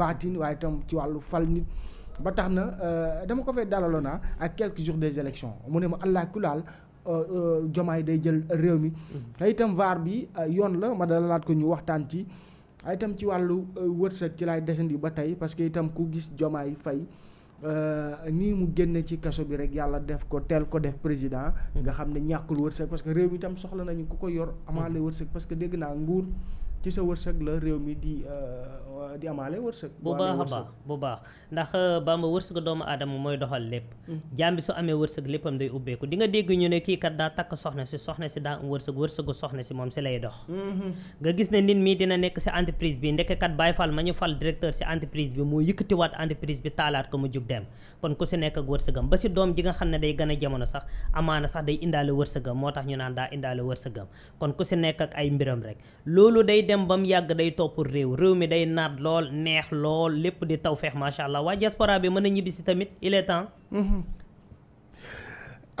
baatin waaye itam ci wàllu fal nit ba tax na euh, dama ko fee dalaloon naa ah, ak quelques jours des élections mu ne ma ku allah kulaal euh, euh, yi day jël réew mi mm. te itam vaar bi yoon la ma dalalaat ko ñu waxtaan ci ay itam ci wàllu wërsëg ci laay yi ba tey parce que itam ku gis jomaay fay nii mu génne ci kaso bi rek yàlla def ko teel ko def président mm. nga xam ne ñàkkul wërsëg parce que réew mi itam soxla nañu ku ko yor amaale mm. wërsëg parce que dégg naa nguur ci sa wërsëg la réew mi di euh, di amaale wërsëg bu baax a baax bu baax ndax euh, Bamba wërsëg doomu aadama mooy doxal lépp mm. jaam bi su amee wërsëg léppam day ubbeeku di nga dégg ñu ne kii kat daa takk soxna si soxna si daa am wërsëg wërsëgu soxna si moom si lay dox mm-hmm. nga gis ne nit mii dina nekk si entreprise bi ndekk baay fal ma ñu fal directeur si entreprise bi moo yëkkatiwaat entreprise bi taalaat ko mu jug dem kon ku si nekk ak wërsëgam ba si doom ji nga xam ne day gën a jamono sax amaana sax day indaale wërsëgam moo tax ñu naan daa indaale wërsëgam kon ku nekk ak ay dem ba mu yàgg day topp réew réew mi day naat lool neex lool lépp di taw feex macha allah waa diaspora bi mën a ñibbisi tamit il est temps. Mhm.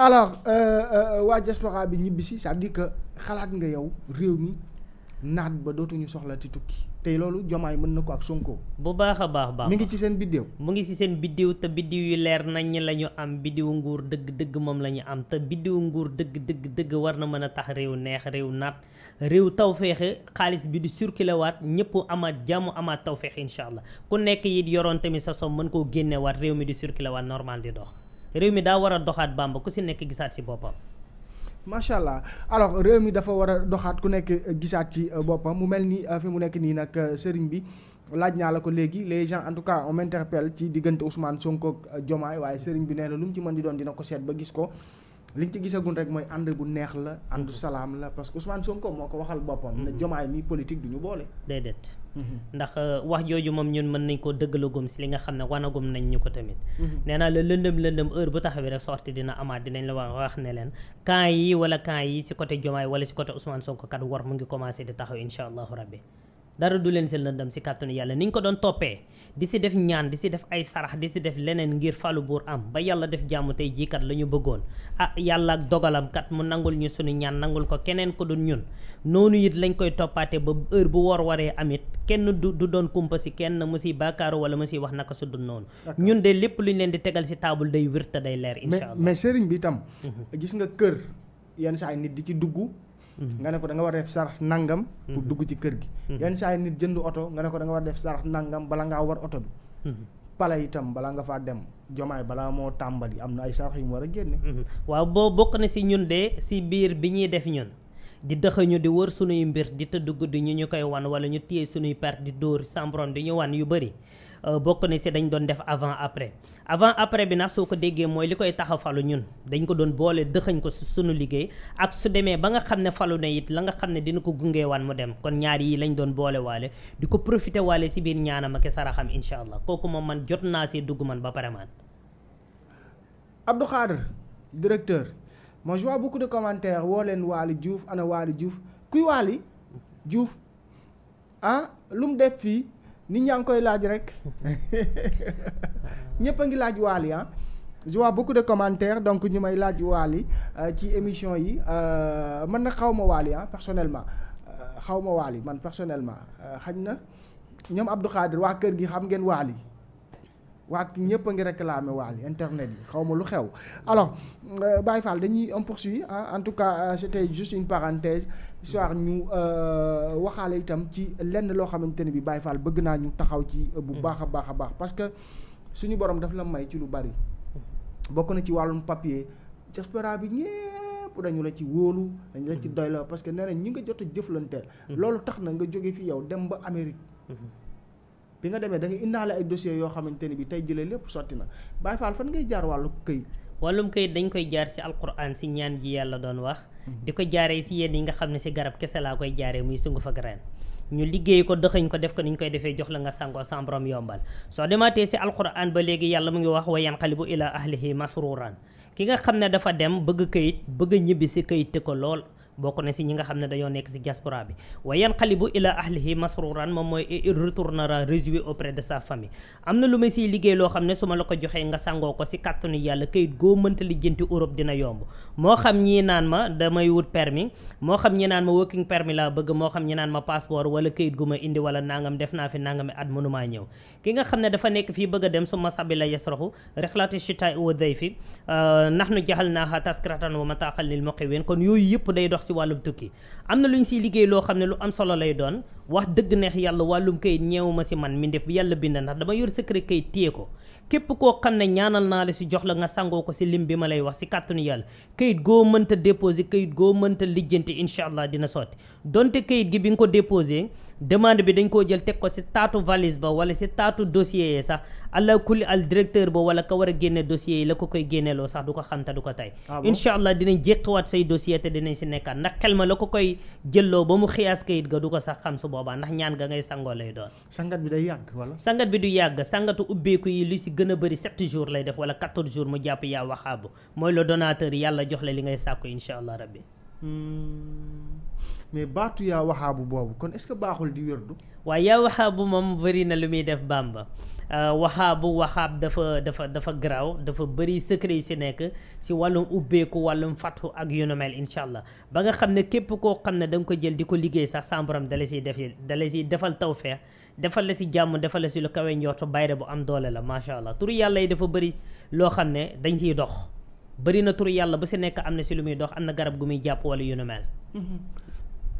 alors euh, euh, waa diaspora bi ñibbisi cest à xalaat nga yow réew mi naat ba dootuñu soxla ti tukki. tey loolu jommaay mën na ko ak Sonko. bu baax a baax baax mi ngi ci seen biddew. mu ngi ci seen biddew te biddew yu leer nañ la ñu am biddew nguur dëgg dëgg moom la ñu am te nguur dëgg dëgg dëgg war na mën a tax réew neex réew naat réew tawféexe xaalis bi di circulé waat ñëpp amaat jàmm amaat tawféexe incha allah ku nekk it yoroon tamit sa som mën koo génnewaat réew mi di circulé waat normal di dox réew mi daa war a doxaat bamba ku si nekk gisaat si boppam. macha allah alors réew mi dafa war a doxaat ku nekk gisaat ci euh, boppam mu mel ni euh, fi mu nekk nii nag euh, sëriñ bi laaj naa la ko léegi les gens en tout cas on m'interpelle ci diggante Ousmane Sonko ak Diomaye waaye sëriñ bi nee na lu mu ci man di doon dina ko seet ba gis ko. liñ ci gisagul rek mooy ànd bu neex la àndu mhm. salaam la parce que Ousmane Sonko moo ko waxal boppam. ne mhm. jomaay mi politique du ñu boole. déedéet. Mhm. ndax euh, wax jooju moom ñun mën nañ koo dëggalagum si li nga xam ne wanagum nañ ñu ko tamit. nee naa la lëndëm lëndëm heure bu taxawee rek sorti dina amaat dinañ la wax ne leen camp yi wala camp yi si côté jomaay wala si côté Ousmane Sonko kat war mu ngi commencé di taxaw incha rab rabbi dara du leen seen lëndëm si kàttanu yàlla ni ñu ko doon toppee di si def ñaan di si def ay sarax di si def leneen ngir falu buur am ba yàlla def jàmm tey jii kat la ñu bëggoon ah yàlla ak dogalam mu nangul ñu sunu ñaan nangul ko keneen ko dul ñun noonu it lañ koy toppaate ba heure bu war waree amit kenn du du doon kumpa si kenn mu si baakaaru wala mu si wax naka su noonu ñun de lépp lu ñu leen di tegal si taabul day wér te day leer incha mais sëriñ bi tam mhm. gis nga kër yenn saa nit di ci dugg Mhm. nga ne ko da nga war def sarax nangam. pour mhm. dugg ci kër gi. Mhm. yenn saa yi nit jënd oto nga ne ko danga nga war a def sarax nangam bala ngaa war oto bi. pala itam balaa nga faa dem jomaay balaa moo tàmbali am na ay sarax yu mu war a génne. waaw boo bokk na si ñun de si biir bi ñuy def ñun. di dëxëñu di wër sunuy mbir di tëdd guddi ñu ñu koy wan wala ñu téye sunuy perte di dóor sambron di ñu wan yu bëri. Euh, bokk na si dañ doon def avant après avant après bi nax soo ko déggee mooy li koy taxa falu ñun dañ ko doon boole dëxañ ko si sunu liggéey ak su demee ba nga xam ne falu na it la nga xam ne dina ko gungewaan mu dem kon ñaar yi lañ doon boole waale di ko profité waale si biir ñaanam ak saraxam incha allah kooku moom man jot naa si dugg man ba pare man. Abdou Khadre directeur moi je vois beaucoup de woo leen waalo juuf ana waalo juuf kuy Waly Diouf ah lu nit ñaa ngi koy laaj rek ñëpp a ngi laaj waali ah je vois de commentaires donc ñu may laaj Wally euh, ci émission yi euh, man na xaw ma Wally ah personnellement euh, xaw ma Wally man personnellement xaj na ñoom Abdou Khadir waa kër gi xam ngeen Wally waa ñëpp a ngi réclamé waal yi internet yi xaw ma lu xew alors euh, Baye Fall dañuy on a en tout cas euh, c'était juste une parenthèse histoire ñu euh, waxaale itam ci lenn loo xamante ni bi Baye Fall bëgg naa ñu taxaw ci bu baax a baax a baax parce que suñu borom daf la may ci lu bari bokk na ci wàllum papier diaspora bi ñépp dañu la ci wóolu dañu la ci doy la parce que nee nañ ñi nga jot a jëflanteel mmh. loolu tax na nga jóge fii yow dem ba Amérique mmh. bi nga demee da nga indaale ay dossiers yoo xamante ni bi tey jëlee lépp sotti na Baye Fall fan ngay jaar wàllu këyit wàllum këyit dañ koy jaar ci alquran ci ñaan gi yàlla doon wax mm-hmm. di ko jaaree ci yéen yi nga xam ne ci garab kese laa koy jaaree muy sungu fa graine ñu liggéey ko dëxëñ ko def ko ni ñu koy defee jox la nga sangoo sa borom yombal soo demaatee ci alquran ba léegi yàlla mu ngi wax wa yanqalibu ilaa ahlihi masruran ki nga xam ne dafa dem bëgg këyit bëgg ñibbi ci këyit te ko lool bokk na si ñi nga xam ne dañoo nekk si diaspora bi wa yanqalibu ila ahlihi masruran moom mooy il retournera réjoui auprès de sa famille am na lu ma siy liggéey loo xam ne su ma la ko joxee nga sangoo ko si kàttanu yàlla kayit goo mënta lijjanti Europe dina yomb moo xam ñii naan ma damay wut permis moo xam ñi naan ma working permis laa bëgg moo xam ñi naan ma passeport wala kayit gu ma indi wala nangam def naa fi nangami at mënumaa ñëw ki nga xam ne dafa nekk fii bëgg a dem su ma sabi la yasrahu rexlaati chita wa dayfi euh, nax nu wax si wàllum tukki am na lu ñu siy liggéey loo xam ne lu am solo lay doon wax dëgg neex yàlla wàllum kayit ñeewu ma si man mi ndef bi yàlla bind ndax dama yor secret kayit téye ko képp koo xam ne ñaanal naa la si jox la nga sangoo ko si lim bi ma lay wax si kàttanu yàlla kayit goo mënta déposé kayit goo mënta lijjanti incha allah dina sotti donte kayit gi bi nga ko déposé demande bi dañ koo jël teg ko si taatu valise ba wala si taatu dossier yi sax allah kulli al directeur ba wala ka war a génne la ko koy génneeloo sax du ko xam ko tey ah incha allah dinañ koy jëlloo ba mu xiyaas kayit ga du ko sax xam su boobaa ndax ñaan ga ngay sangoo lay doon sangat bi day yàgg wala sangat bi du yàgg sangatu ubbeeku yi lu si gën a bari sept jours lay def wala quatorze jours mu jàpp yaa waxaabu mooy le donateur yàlla jox la li ngay sàkku incha allah rabbi hmm. mais baatu yaa waxaabu boobu kon est baaxul di wérdu waaye yaa waxaabu moom bëri na lu muy def bàmba euh, waxaabu waxaab dafa dafa dafa garaaw dafa bëri secret yu si nekk si wàllum ubbeeku wàllum fàttu ak yu mel incha allah ba nga xam ne képp koo xam ne da nga ko jël di ko liggéey sax sambaram dala siy def dala siy defal tawfeex defal la si jàmm defal la si lu kawe njorto bayre bu am doole la macha allah turu yàlla yi dafa bëri loo xam ne dañ siy dox bëri na turu yàlla bu si nekk am na si lu muy dox am na garab gu muy jàpp wala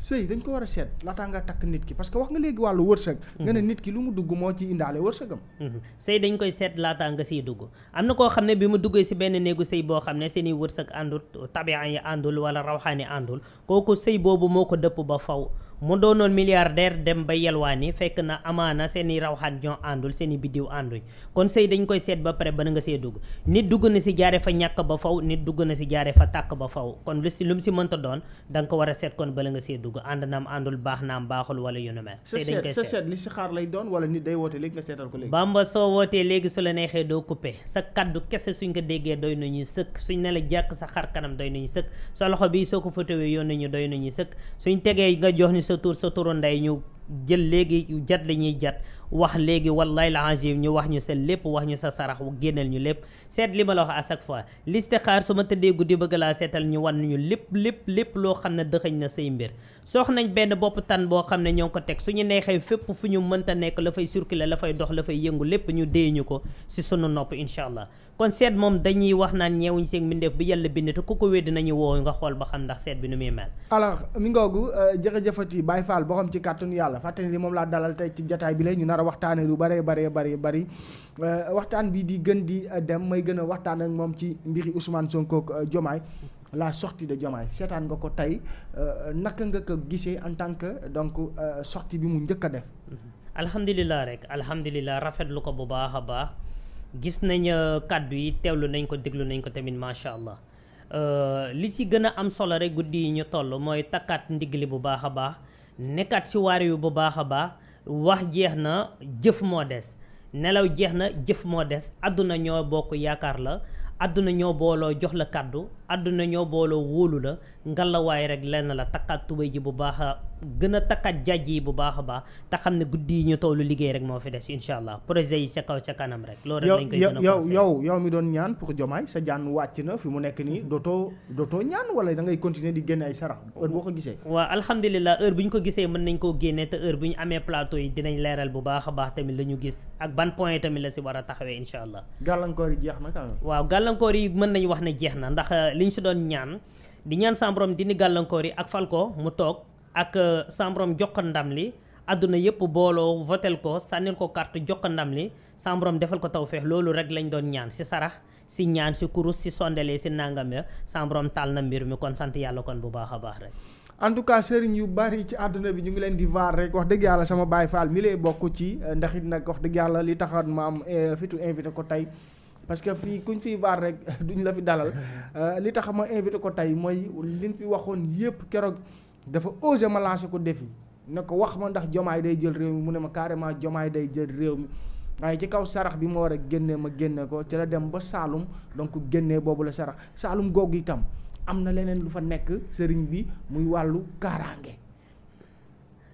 sëy dañ ko war a seet laataa nga takk nit ki parce que wax nga léegi wàllu wërsëg. nga ne mhm. nit ki lu mu dugg moo ci indaale wërsëgam. Mhm. sëy dañ koy seet laataa nga siy dugg am na koo xam ne bi mu duggee si benn néegu sëy boo xam ne seen i wërsëg àndul tabiyaan yi àndul wala rawxaan yi àndul kooku sëy boobu moo ko dëpp ba faw mu doonoon milliardaire dem ba yelwaani fekk na amaana seeni rawxaan ñoo àndul seeni biddiw ànduñ kon sëy dañ koy seet ba pare ba nga see dugg nit dugg na si jaare fa ñàkk ba faw nit dugg na si jaare fa tàkk ba faw kon lu si lu mu si mënta doon da nga ko war a seet kon bala nga see dugg ànd naam àndul baax naam baaxul wala yu nu mel sëy dañ koy seet li si xaar lay doon wala nit day woote léegi nga seetal ko léegi bamba soo wootee léegi su la neexee doo coupé sa kaddu kese suñ ko déggee doy nañu sëkk suñ ne la jàkk sa xar kanam doy nañu sëkk sa loxo soo ko fotowe yoon nañu doy nañu sëkk suñ tegee nga jox sa tur sa turu ndey ñu jël léegi jat li ñuy jat wax léegi wallahi alazim ñu wax ñu sa lépp wax ñu sa sarax génneel ñu lépp seet li ma la wax à chaque fois listixaar su ma tëddee guddi bëgg laa seetal ñu wan ñu lépp lépp loo xam ne dëxëñ na say mbir soox nañ tan boo xam ne ñoo ngi ko teg suñu neexee fépp fu ñu mënta nekk la fay circuler la fay dox la fay yëngu lépp ñu dee ñu ko si sunu nopp incha allah kon seet moom dañuy wax naan ñeewuñ seen mbindeef bi yàlla bind te ku ko weddi nañu woo nga xool ba xam ndax seet bi nu muy mel alors mi ngoogu euh, jërëjëfat yi Baye Fall boo xam ci kàttanu yàlla fàtte ni moom laa dalal tey a waxtaane lu bëree bëree bëri bëri euh, waxtaan bii di gën di euh, dem may gën a waxtaan ak moom ci mbiri Ousmane Sonko ak euh, Diomaye la sortie de Diomaye seetaan nga ko tey naka nga ko gisee en tant que donc sortie bi mu njëkk a def mm-hmm. alxamdulillah rek alhamdulilah rafetlu ko bu baax a baax gis nañ kàddu yi teewlu nañ ko déglu nañ ko tamit macha allah li si gën a am solo rek guddi yi ñu toll mooy takkaat ndigli bu baax a baax nekkaat ci waar yu bu baax a baax wax jeex na jëf moo des nelaw jeex na jëf moo des àdduna ñoo bokk yaakaar la àdduna ñoo booloo jox la kàddu àdduna ñoo booloo wóolu la ngalawaay rek lenn la takkaat tubéy ji bu baax a gën a takkaat jajj yi bu baax a baax te xam ne guddi ñu tollu liggéey rek moo fi des insha allah projet yi ca kaw ca rek loolu rek lañ yow yow yow mi doon ñaan pour jomaay sa jaan wàcc na fi mu nekk nii dootoo dootoo wala da ngay continuer di génne ay sarax boo ko gisee waaw alhamdulilah heure bu ñu ko gisee mën nañ koo génnee te heure bu ñu amee plateau yi dinañ leeral bu baax a baax tamit la ñu gis ak ban point tamit la si war a taxawee insha allah gàllankoor yi jeex na gàllankoor yi mën nañu wax ne jeex na ndax euh, li ñu si doon ñaan di ñaan sambrom dindi gàllankoor yi ak fal ko mu toog ak euh, sambrom jox li àdduna yëpp booloo votel ko sànnil ko carte jox ko li sambrom defal ko tawféex loolu rek lañ doon ñaan si sarax si ñaan si kurus si sondele si nangam ya sambrom taal na mbir mi kon sant yàlla kon bu baax a baax rek en sëriñ yu bari ci àdduna bi ñu ngi leen di vaar rek wax dëgg sama baay faal mi lay bokk ci euh, ndax it nag wax dëgg yàlla li taxoon ma am fitu invité ko tey parce que fii kuñ fiy baar rek duñ la fi dalal euh, li tax ma invité ko tey mooy liñ fi waxoon yépp keroog dafa osé ma lancé ko défi ne ko wax ma ndax jomaay day jël réew mi mu ne ma carrément jomaay day jël réew waaye ci kaw sarax bi ma war a génnee ma génne ko ci la dem ba Saalum donc génnee boobu la sarax Saalum googu itam am na leneen lu fa nekk sëriñ bi muy wàllu kaaraange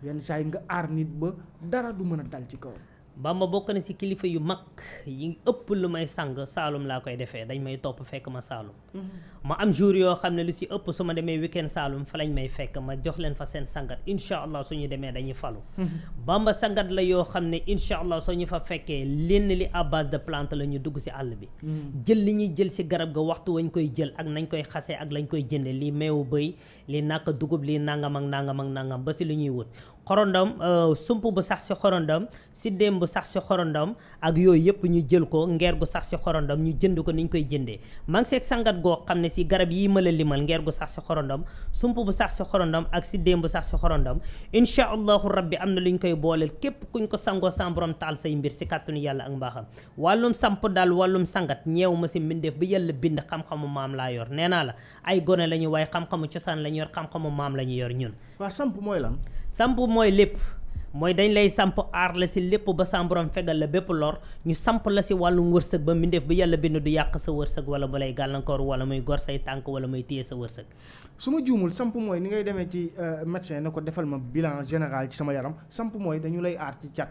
yenn saa yi nga aar nit ba dara du mën a dal ci kaw Bamba bokk na si kilifa yu mag yi ëpp lu may sang Saalum laa koy defee dañ may topp fekk ma Saalum. Mm-hmm. ma am jour yoo xam ne lu si ëpp su ma demee weekend Saalum fa lañ may fekk ma jox leen fa seen sangat incha allah suñu demee dañuy falu. Mm-hmm. Bamba sangat la yoo xam ne incha allah soo ñu fa fekkee lenn li à base de plante la ñu dugg ci àll bi. Mm-hmm. jël li ñuy jël ci garab ga waxtu wañ koy jël ak nañ koy xasee ak lañ koy jëndee lii meewu bëy lii nàkk dugub lii nangam ak nangam ak nangam ba ci lu ñuy wut. xorondom euh, sump bu sax si xorondom siddéem bu sax si xorondom ak yooyu yëpp ñu jël ko ngeer gu sax si xorondom ñu jënd ko ni ñu koy jëndee maa ngi seeg sangat goo xam ne si garab yi ma la limal ngeer gu sax si xorondom sump bu sax si xorondom ak siddéem bu sax si xorondom incha allahu rabbi am na lu ñu koy booleel képp kuñ ko sangoo san taal say mbir si kàttanu yàlla ak mbaaxam wàllum samp daal wàllum sangat ñeew ma si mbindeef bi yàlla bind xam maam laa yor nee naa la ay gone la ñu waaye xam cosaan la ñu yor maam la ñu yor ñun waaw samp mooy lan. samp mooy lépp mooy dañ lay samp aar la si lépp ba sa borom fegal la bépp lor ñu samp la si wàllum wërsëg ba mbindeef bi yàlla bind du yàq sa wërsëg wala ba lay gàllankoor wala muy gor say tànk wala muy téye sa wërsëg. su ma juumul samp mooy ni ngay demee ci euh, médecin ne ko defal ma bilan général ci sama yaram samp mooy dañu lay aar ci cat.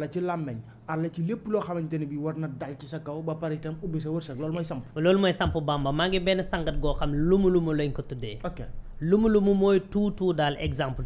la ci làmmeñ àll ci lépp loo xamante ne bi war na dal ci sa kaw ba pare itam ubbi sa wërsëg loolu mooy samp loolu mooy samp bamba maa ngi benn sangat goo xam lumu lumu lañ ko tuddee ok lu lu mu mooy tuutu daal exemple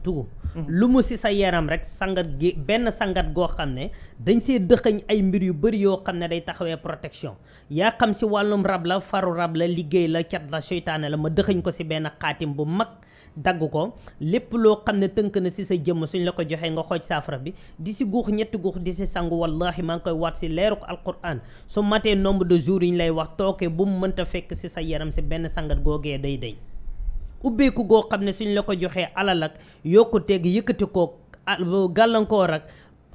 lu mu si sa yaram rek sangat gi benn sangat goo xam ne dañ see dëxëñ ay mbir yu bëri yoo xam ne day taxawee protection yaa xam si wàllum rab la faru rab la liggéey la cat la seytaane la ma dëxëñ ko si benn xaatim bu mag dagg ko lépp loo xam ne tënk na si sa jëmm suñ la ko joxee nga xooj saafara bi di si guux ñetti guux di si sangu wallahi maa ngi koy waat si leeruk alquran su matee nombre de jours yi ñu lay wax tooke bu mu mënta fekk si sa yaram si benn sangat googee day day ubbeeku goo xam ne suñ la ko joxee alal ak yokkuteeg yëkkati koog gàllankoor ak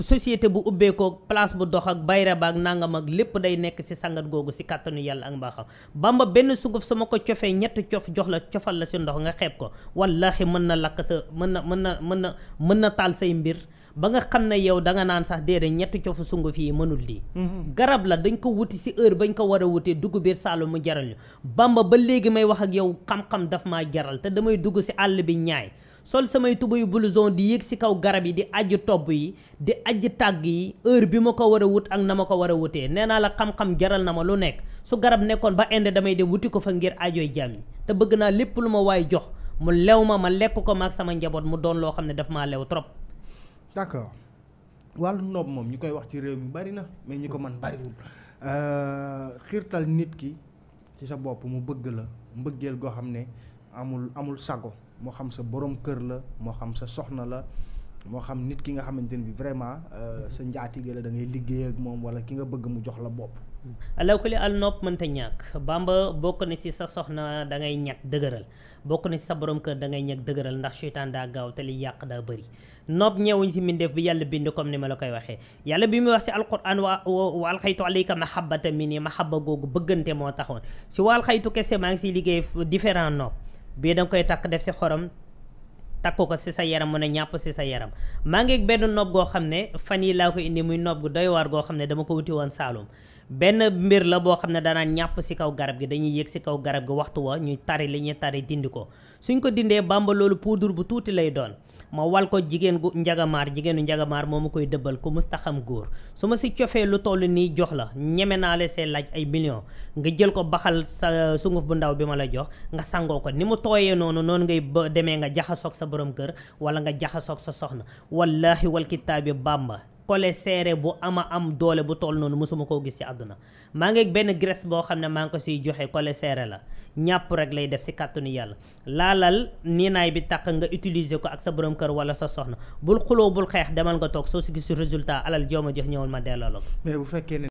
société bu ubbeekoog place bu dox ak bayra ba ak nangam ak lépp day nekk ci sangat googu ci kàttanu yàlla ak mbaaxam bamba benn sunguf sama ko cofee ñett cof jox la cofal la ci ndox nga xeeb ko wallahi mën na lakk sa mën na mën na mën na mën na taal say mbir ba nga xam ne yow danga naan sax déedéet ñetti cofu sunguf fii mënul lii mhm. garab la dañ ko wuti si heure bañ ko war a wutee dugg biir Saalum mu jaral ñu Bamba ba léegi may wax ak yow xam-xam daf maa jaral te damay dugg si àll bi ñaay sol samay tubayu blouson di yéeg si kaw garab yi di aj tobb yi di ajj tàgg yi heure bi ma ko war a wut ak na ma ko war a wutee nee naa la xam-xam jaral na ma lu nekk su garab nekkoon ba inde damay dem wuti ko fa ngir ajooy jaam te bëgg naa lépp lu ma waay jox mu lew ma ma lekk ko maag sama njaboot mu doon loo xam ne daf maa lew trop d'accord wàllu noob moom ñu koy wax ci réew mi bari na mais ñi ko man bariwul euh, xiirtal nit ki ci sa bopp mu bëgg la mbëggeel goo xam ne amul amul sago moo xam sa borom kër la moo xam sa soxna la moo xam nit ki nga xamante ne bi vraiment euh, sa njaatige la da liggéey ak moom wala ki nga bëgg mu jox la bopp. alaw kuli al nopp mënta ñàkk bamba bokk na si sa soxna da ngay ñàkk dëgëral bokk na ci sa borom kër dangay ngay ñàkk dëgëral ndax seytaan daa gaaw te li yàq daa bari nob ñëwuñ si mbindeef bi yàlla bind comme ni ma la koy waxee yàlla bi muy wax si alquran wa wa alxaytu alayka mahabbata minni mahabba googu bëggante moo taxoon si wa alxaytu kese maa ngi siy liggéey différent nob bii danga koy takk def si xorom takk ko si sa yaram mën a ñàpp si sa yaram maa ngi benn nob goo xam ne fan yi laa ko indi muy nob gu doy waar goo xam ne dama ko wuti woon Saalum benn mbir la boo xam ne danaan ñàpp ci kaw garab gi dañuy yéeg ci kaw garab gi waxtu wa ñuy tari li ñuy tari dindi ko suñ ko dindee bàmba loolu poudre bu tuuti lay doon ma wal ko jigéen gu njagamaar jigéenu njagamaar moo ma koy dëbbal ku mustaxam góor su ma ci cofee lu toll nii jox la ñeme naa la see laaj ay millions nga jël ko baxal sa sunguf bu ndaw bi ma la jox nga sangoo ko ni mu tooyee noonu noonu ngay demee nga jaxasoog sa borom kër wala nga jaxasoog sa soxna wallaahi wal kitaabi bàmba kole seere bu ama am doole bu toll noonu mosuma koo gis ci àdduna maa ngi benn graisse boo xam ne maa ngi ko siy joxe kole seere la ñàpp rek lay def si kàttanu yàlla laalal niinaay bi taq nga utiliser ko ak sa borom kër wala sa soxna bul xuloo bul xeex demal nga toog soo si gis résultat alal jooma jox ñëwal ma delloo la ko